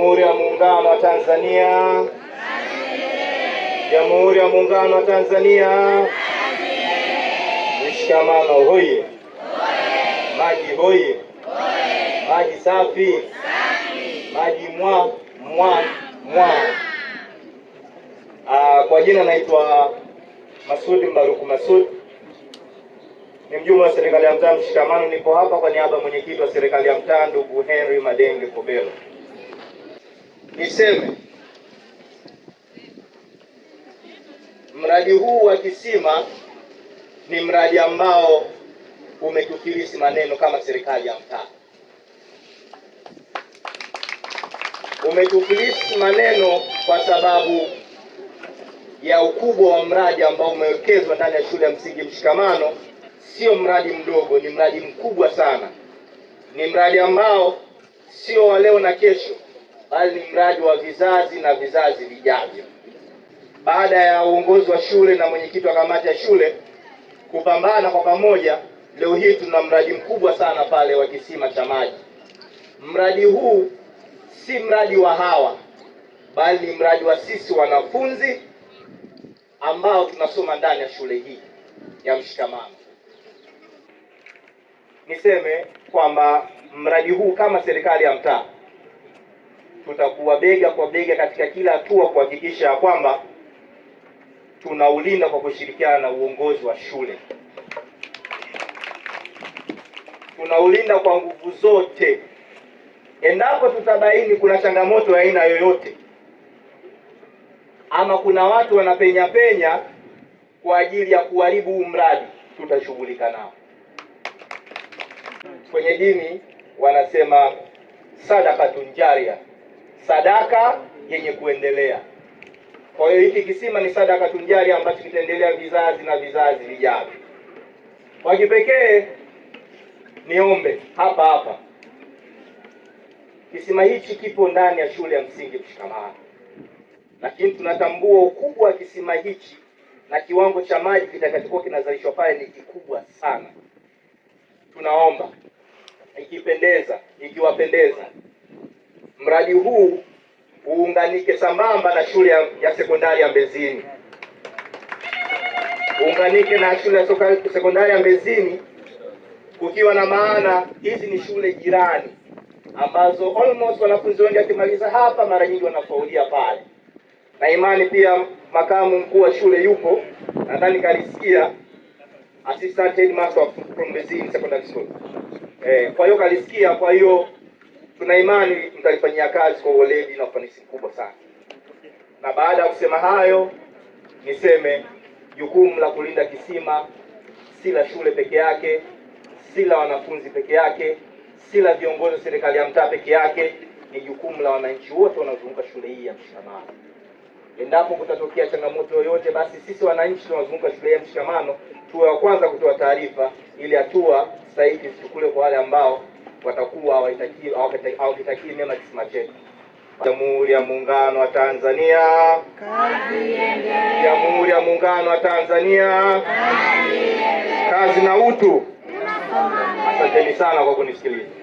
Jamhuri ya Muungano wa Tanzania, Jamhuri ya Muungano wa Tanzania. Mshikamano hoye! Maji hoye! Maji safi, maji mwa mwa mwa. Aa, ah, kwa jina naitwa Masudi Mbaruku Masudi, ni mjumbe wa serikali ya mtaa Mshikamano. Nipo hapa kwa niaba ya mwenyekiti wa serikali ya mtaa ndugu Henry Madenge Kobelo niseme mradi huu wa kisima ni mradi ambao umetufilisi maneno kama serikali ya mtaa, umetufilisi maneno kwa sababu ya ukubwa wa mradi ambao umewekezwa ndani ya shule ya msingi Mshikamano. Sio mradi mdogo, ni mradi mkubwa sana, ni mradi ambao sio wa leo na kesho, bali ni mradi wa vizazi na vizazi vijavyo. Baada ya uongozi wa shule na mwenyekiti wa kamati ya shule kupambana kwa pamoja, leo hii tuna mradi mkubwa sana pale wa kisima cha maji. Mradi huu si mradi wa hawa, bali ni mradi wa sisi wanafunzi ambao tunasoma ndani ya shule hii ya Mshikamano. Niseme kwamba mradi huu kama serikali ya mtaa tutakuwa bega kwa bega katika kila hatua kuhakikisha ya kwamba tunaulinda kwa kushirikiana na uongozi wa shule. Tunaulinda kwa nguvu zote. Endapo tutabaini kuna changamoto ya aina yoyote ama kuna watu wanapenya penya kwa ajili ya kuharibu huu mradi, tutashughulika nao. Kwenye dini wanasema sadaka tunjaria sadaka yenye kuendelea. Kwa hiyo hiki kisima ni sadaka tunjari ambacho kitaendelea vizazi na vizazi vijavyo. Kwa kipekee niombe hapa hapa, kisima hichi kipo ndani ya shule ya msingi Mshikamano, lakini tunatambua ukubwa wa kisima hichi na kiwango cha maji kitakachokuwa kinazalishwa pale ni kikubwa sana. Tunaomba ikipendeza, ikiwapendeza mradi huu uunganike sambamba na shule ya, ya sekondari ya Mbezini, uunganike na shule ya sekondari ya Mbezini, kukiwa na maana hizi ni shule jirani ambazo almost wanafunzi wengi akimaliza hapa mara nyingi wanafaulia pale, na imani pia makamu mkuu wa shule yupo, nadhani kalisikia assistant headmaster from Mbezini secondary school eh, kwa hiyo kalisikia, kwa hiyo Tuna imani mtalifanyia kazi kwa uweledi na ufanisi mkubwa sana. Na baada ya kusema hayo, niseme jukumu la kulinda kisima si la shule peke yake, si la wanafunzi peke yake, si la viongozi wa serikali ya mtaa peke yake, ni jukumu la wananchi wote wanaozunguka shule hii ya Mshikamano. Endapo kutatokea changamoto yoyote, basi sisi wananchi tunaozunguka shule hii ya Mshikamano tuwe wa kwanza kutoa taarifa, ili hatua stahiki zichukuliwe kwa wale ambao watakuwa hawakitakii mema kisima chetu. Jamhuri ya Muungano wa Tanzania, Jamhuri ya Muungano wa Tanzania, kazi na utu. Asanteni sana kwa kunisikiliza.